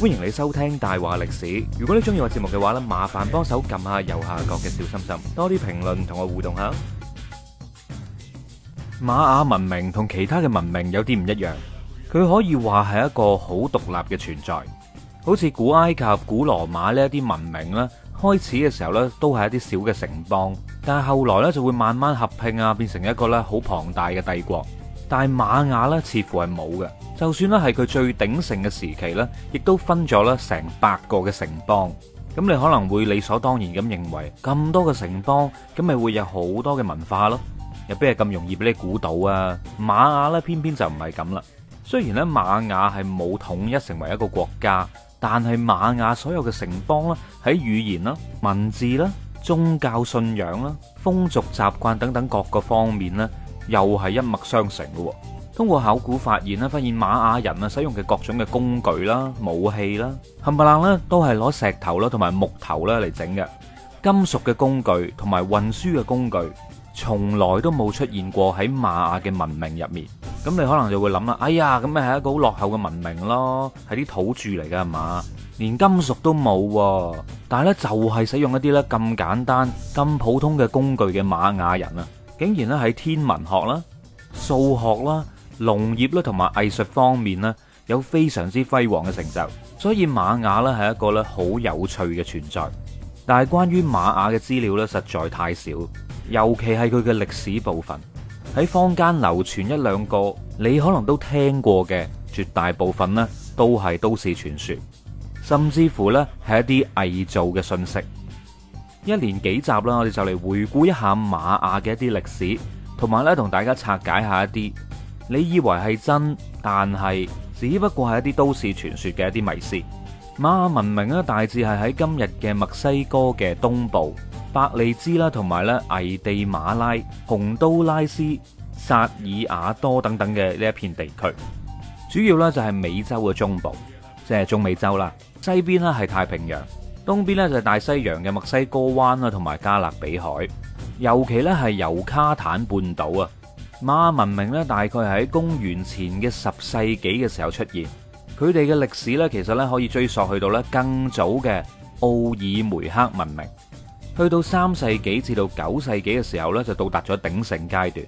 歡迎你收聽大話歷史。如果你中意我節目嘅話呢，麻煩幫手撳下右下角嘅小心心，多啲評論同我互動下。瑪雅文明同其他嘅文明有啲唔一樣，佢可以話係一個好獨立嘅存在。好似古埃及、古羅馬呢一啲文明咧，開始嘅時候呢都係一啲小嘅城邦，但係後來呢就會慢慢合併啊，變成一個呢好龐大嘅帝國。但係瑪雅呢，似乎係冇嘅。就算咧係佢最鼎盛嘅時期呢，亦都分咗咧成百個嘅城邦。咁你可能會理所當然咁認為，咁多嘅城邦，咁咪會有好多嘅文化咯？又邊係咁容易俾你估到啊？瑪雅咧偏偏偏就唔係咁啦。雖然咧瑪雅係冇統一成為一個國家，但係瑪雅所有嘅城邦咧，喺語言啦、文字啦、宗教信仰啦、風俗習慣等等各個方面呢，又係一脈相承嘅。通過考古發現咧，發現瑪雅人啊使用嘅各種嘅工具啦、武器啦、冚唪唥咧都係攞石頭啦同埋木頭啦嚟整嘅，金屬嘅工具同埋運輸嘅工具，從來都冇出現過喺瑪雅嘅文明入面。咁你可能就會諗啦，哎呀，咁咪係一個好落後嘅文明咯，係啲土著嚟嘅，係嘛，連金屬都冇。但係咧就係使用一啲咧咁簡單、咁普通嘅工具嘅瑪雅人啊，竟然咧喺天文學啦、數學啦。農業啦，同埋藝術方面咧，有非常之輝煌嘅成就。所以瑪雅咧係一個咧好有趣嘅存在，但係關於瑪雅嘅資料咧實在太少，尤其係佢嘅歷史部分喺坊間流傳一兩個，你可能都聽過嘅。絕大部分咧都係都市傳說，甚至乎咧係一啲偽造嘅信息。一連幾集啦，我哋就嚟回顧一下瑪雅嘅一啲歷史，同埋咧同大家拆解下一啲。你以為係真，但係只不過係一啲都市傳說嘅一啲迷思。瑪雅文明咧，大致係喺今日嘅墨西哥嘅東部、伯利茲啦，同埋咧危地馬拉、洪都拉斯、薩爾瓦多等等嘅呢一片地區。主要呢就係美洲嘅中部，即係中美洲啦。西邊呢係太平洋，東邊呢就係大西洋嘅墨西哥灣啦，同埋加勒比海，尤其呢係尤卡坦半島啊。馬文明咧，大概喺公元前嘅十世紀嘅時候出現，佢哋嘅歷史咧，其實咧可以追溯去到咧更早嘅奧爾梅克文明，去到三世紀至到九世紀嘅時候咧，就到達咗鼎盛階段，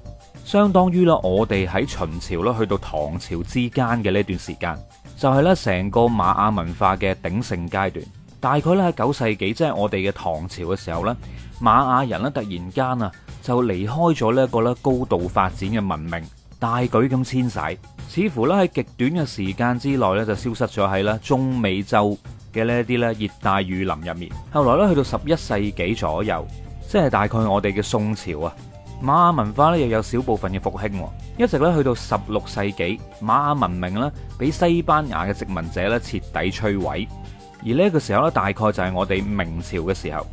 相當於咧我哋喺秦朝咧去到唐朝之間嘅呢段時間，就係咧成個馬雅文化嘅鼎盛階段。大概咧喺九世紀，即係我哋嘅唐朝嘅時候咧，馬雅人咧突然間啊～就離開咗呢一個咧高度發展嘅文明，大舉咁遷徙，似乎咧喺極短嘅時間之內咧就消失咗喺咧中美洲嘅呢一啲咧熱帶雨林入面。後來咧去到十一世紀左右，即係大概我哋嘅宋朝啊，瑪雅文化咧又有少部分嘅復興，一直咧去到十六世紀，瑪雅文明咧俾西班牙嘅殖民者咧徹底摧毀。而呢個時候咧，大概就係我哋明朝嘅時候。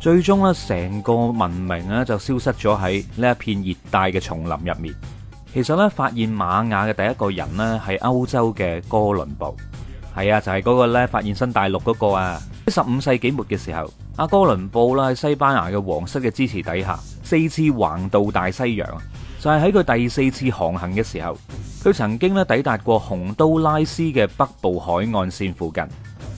最終咧，成個文明咧就消失咗喺呢一片熱帶嘅叢林入面。其實咧，發現瑪雅嘅第一個人咧係歐洲嘅哥倫布。係啊，就係、是、嗰個咧發現新大陸嗰個啊。喺十五世紀末嘅時候，阿哥倫布啦喺西班牙嘅皇室嘅支持底下，四次橫渡大西洋。就係喺佢第四次航行嘅時候，佢曾經呢抵達過洪都拉斯嘅北部海岸綫附近。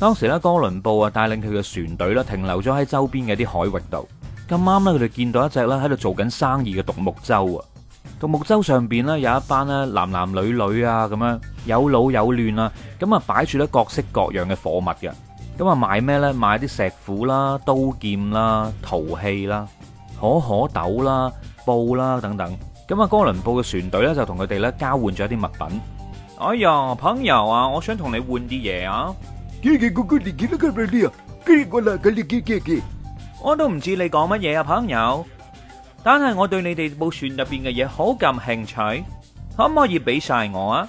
當時咧，哥倫布啊，帶領佢嘅船隊咧，停留咗喺周邊嘅啲海域度。咁啱咧，佢哋見到一隻咧喺度做緊生意嘅獨木舟啊。獨木舟上邊咧有一班咧男男女女啊，咁樣有老有嫩啦。咁啊，擺住咧各色各樣嘅貨物嘅。咁啊，買咩咧？買啲石斧啦、刀劍啦、陶器啦、可可豆啦、布啦等等。咁啊，哥倫布嘅船隊咧就同佢哋咧交換咗一啲物品。哎呀，朋友啊，我想同你換啲嘢啊！我都唔知你講乜嘢啊，朋友。但係我對你哋部船入邊嘅嘢好感興趣，可唔可以俾晒我啊？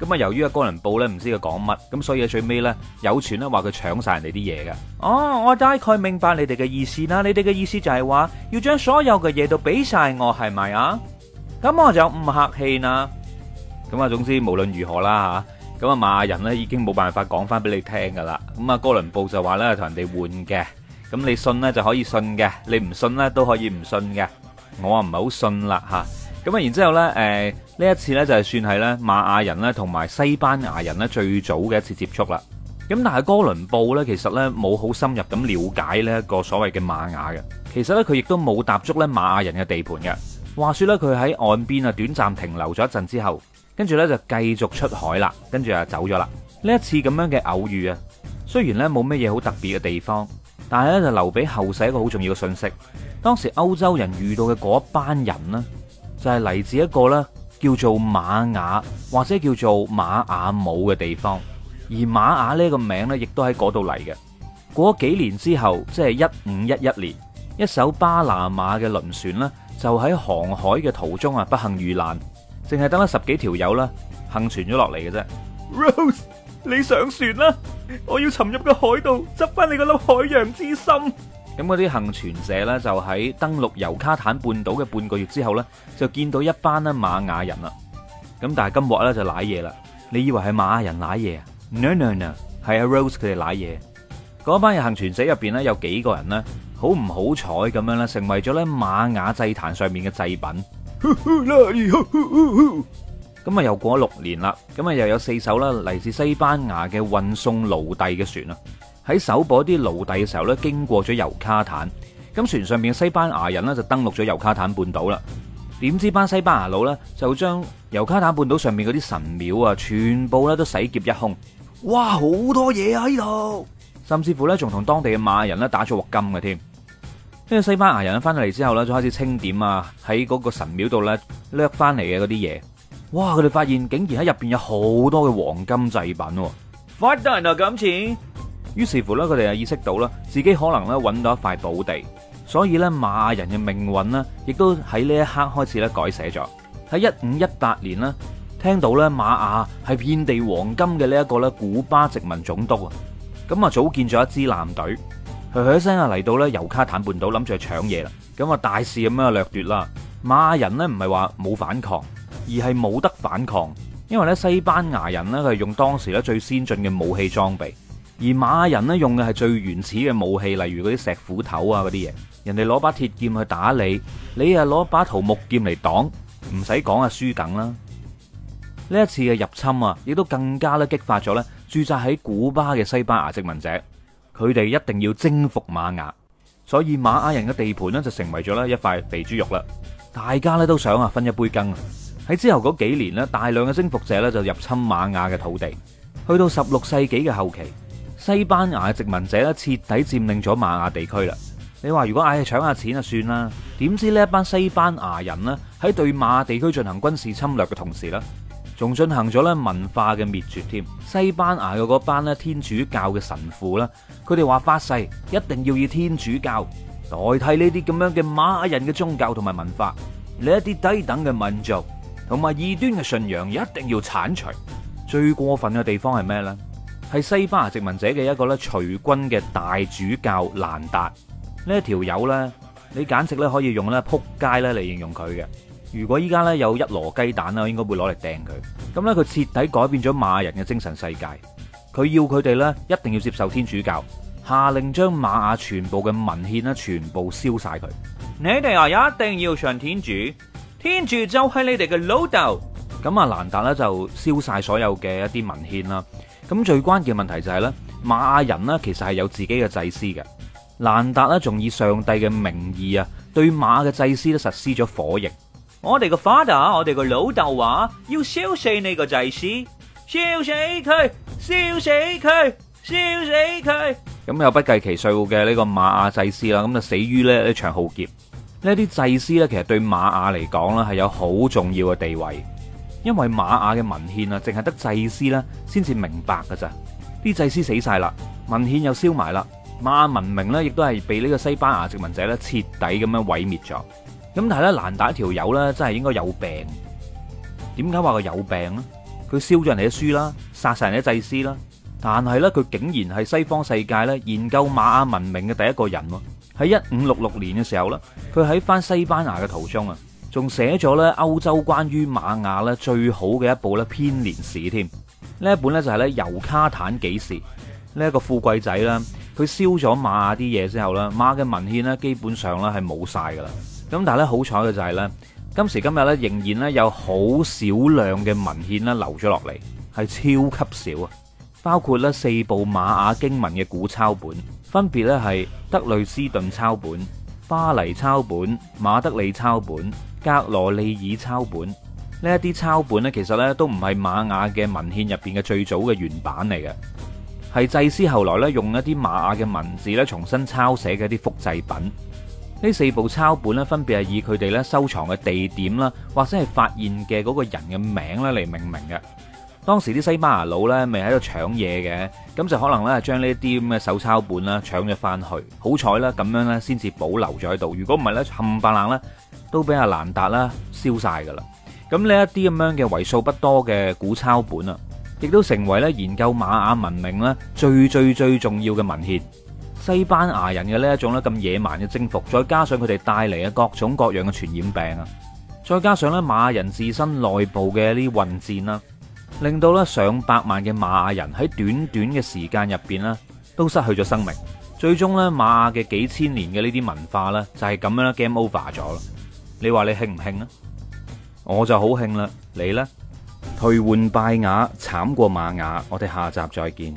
咁啊，由於阿哥倫布呢唔知佢講乜，咁所以最尾呢有傳呢話佢搶晒你啲嘢嘅哦。我大概明白你哋嘅意思喇。你哋嘅意思就係話要將所有嘅嘢都俾晒我，係咪呀？咁我就唔客氣喇。咁啊，總之無論如何啦吓，咁啊瑪雅人咧已經冇辦法講翻俾你聽噶啦。咁啊，哥倫布就話咧同人哋換嘅。咁你信咧就可以信嘅，你唔信咧都可以唔信嘅。我啊唔係好信啦吓。咁啊，然之後咧，誒呢一次咧就係算係咧瑪雅人咧同埋西班牙人咧最早嘅一次接觸啦。咁但係哥倫布咧其實咧冇好深入咁了解呢一個所謂嘅瑪雅嘅。其實咧佢亦都冇踏足咧瑪雅人嘅地盤嘅。話說咧佢喺岸邊啊短暫停留咗一陣之後。跟住呢，就繼續出海啦，跟住啊走咗啦。呢一次咁樣嘅偶遇啊，雖然呢冇咩嘢好特別嘅地方，但係呢就留俾後世一個好重要嘅信息。當時歐洲人遇到嘅嗰一班人呢，就係嚟自一個呢叫做瑪雅或者叫做瑪雅姆嘅地方。而瑪雅呢個名呢，亦都喺嗰度嚟嘅。過咗幾年之後，即係一五一一年，一艘巴拿馬嘅輪船呢，就喺航海嘅途中啊不幸遇難。淨係等咗十幾條友啦，幸存咗落嚟嘅啫。Rose，你上船啦！我要沉入個海度，執翻你嗰粒海洋之心。咁嗰啲幸存者咧，就喺登陸尤卡坦半島嘅半個月之後咧，就見到一班咧瑪雅人啦。咁但係今鑊咧就瀨嘢啦。你以為係瑪雅人瀨嘢？No no no，係阿、啊、Rose 佢哋瀨嘢。嗰班人幸存者入邊咧，有幾個人呢？好唔好彩咁樣咧，成為咗咧瑪雅祭壇上面嘅祭品。咁啊， 又過咗六年啦，咁啊又有四艘啦，嚟自西班牙嘅運送奴隸嘅船啊，喺搜捕啲奴隸嘅時候呢，經過咗猶卡坦，咁船上邊嘅西班牙人呢，就登陸咗猶卡坦半島啦。點知班西班牙佬呢，就將猶卡坦半島上面嗰啲神廟啊，全部呢都洗劫一空。哇，好多嘢喺度，甚至乎呢，仲同當地嘅瑪雅人呢，打咗鑊金嘅添。跟住西班牙人翻咗嚟之後咧，就開始清點啊，喺嗰個神廟度咧掠翻嚟嘅嗰啲嘢。哇！佢哋發現竟然喺入邊有好多嘅黃金製品，發達啊。咁似。於是乎咧，佢哋啊意識到啦，自己可能咧搵到一塊寶地，所以咧瑪雅人嘅命運呢亦都喺呢一刻開始咧改寫咗。喺一五一八年呢，聽到咧瑪雅係遍地黃金嘅呢一個咧古巴殖民總督啊，咁啊組建咗一支艦隊。佢噓聲啊嚟到咧，尤卡坦半島諗住去搶嘢啦，咁啊大肆咁啊掠奪啦，瑪雅人呢，唔係話冇反抗，而係冇得反抗，因為咧西班牙人呢，佢係用當時咧最先進嘅武器裝備，而瑪雅人呢，用嘅係最原始嘅武器，例如嗰啲石斧頭啊嗰啲嘢，人哋攞把鐵劍去打你，你又啊攞把桃木劍嚟擋，唔使講啊輸梗啦。呢一次嘅入侵啊，亦都更加咧激發咗咧駐紮喺古巴嘅西班牙殖民者。佢哋一定要征服瑪雅，所以瑪雅人嘅地盤咧就成為咗咧一塊肥豬肉啦。大家咧都想啊分一杯羹啊。喺之後嗰幾年咧，大量嘅征服者咧就入侵瑪雅嘅土地。去到十六世紀嘅後期，西班牙殖民者咧徹底佔領咗瑪雅地區啦。你話如果唉搶下錢就算啦，點知呢一班西班牙人咧喺對瑪雅地區進行軍事侵略嘅同時咧，仲進行咗咧文化嘅滅絕添，西班牙嘅嗰班咧天主教嘅神父啦，佢哋話發誓一定要以天主教代替呢啲咁樣嘅瑪雅人嘅宗教同埋文化，呢一啲低等嘅民族同埋異端嘅信仰一定要剷除。最過分嘅地方係咩呢？係西班牙殖民者嘅一個咧隨軍嘅大主教蘭達呢一條友呢，你簡直咧可以用咧撲街咧嚟形容佢嘅。如果依家咧有一籮雞蛋啦，應該會攞嚟掟佢。咁呢，佢徹底改變咗瑪雅人嘅精神世界。佢要佢哋咧一定要接受天主教，下令將瑪雅全部嘅文獻咧全部燒晒佢。你哋啊，一定要上天主，天主就係你哋嘅老豆。咁啊、嗯，蘭達呢就燒晒所有嘅一啲文獻啦。咁、嗯、最關鍵嘅問題就係呢瑪雅人呢，其實係有自己嘅祭司嘅。蘭達呢仲以上帝嘅名義啊，對瑪雅嘅祭司咧實施咗火刑。我哋個 father，我哋個老豆話要燒死你個祭司，燒死佢，燒死佢，燒死佢。咁又不計其數嘅呢個瑪雅祭司啦，咁就死於呢一場浩劫。呢啲祭司咧，其實對瑪雅嚟講啦，係有好重要嘅地位，因為瑪雅嘅文獻啊，淨係得祭司啦先至明白噶咋。啲祭司死晒啦，文獻又燒埋啦，瑪雅文明咧，亦都係被呢個西班牙殖民者咧徹底咁樣毀滅咗。咁但係咧，難打一條友咧，真係應該有病。點解話佢有病咧？佢燒咗人哋啲書啦，殺晒人哋啲祭司啦，但係咧，佢竟然係西方世界咧研究瑪雅文明嘅第一個人喎。喺一五六六年嘅時候啦，佢喺翻西班牙嘅途中啊，仲寫咗咧歐洲關於瑪雅咧最好嘅一部咧編年史添。呢一本咧就係咧尤卡坦紀事。呢一個富貴仔啦。佢燒咗瑪雅啲嘢之後咧，瑪雅嘅文獻咧基本上咧係冇晒噶啦。咁但係咧好彩嘅就係呢，今時今日咧仍然咧有好少量嘅文獻咧留咗落嚟，係超級少啊！包括呢四部瑪雅經文嘅古抄本，分別咧係德累斯頓抄本、巴黎抄本、馬德里抄本、格羅利爾抄本。呢一啲抄本咧，其實咧都唔係瑪雅嘅文獻入邊嘅最早嘅原版嚟嘅，係祭司後來咧用一啲瑪雅嘅文字咧重新抄寫嘅啲複製品。呢四部抄本咧，分別係以佢哋咧收藏嘅地點啦，或者係發現嘅嗰個人嘅名咧嚟命名嘅。當時啲西班牙佬咧，未喺度搶嘢嘅，咁就可能咧，將呢啲咁嘅手抄本啦搶咗翻去。好彩啦，咁樣咧先至保留咗喺度。如果唔係咧，冚白冷咧都俾阿蘭達啦燒曬㗎啦。咁呢一啲咁樣嘅為數不多嘅古抄本啊，亦都成為咧研究瑪雅文明咧最最最重要嘅文獻。西班牙人嘅呢一種咧咁野蠻嘅征服，再加上佢哋帶嚟嘅各種各樣嘅傳染病啊，再加上咧瑪雅人自身內部嘅呢啲混戰啦，令到咧上百萬嘅瑪雅人喺短短嘅時間入邊咧都失去咗生命，最終咧瑪雅嘅幾千年嘅呢啲文化咧就係咁樣啦 game over 咗啦。你話你興唔興啊？我就好興啦。你呢？退換拜雅慘過瑪雅，我哋下集再見。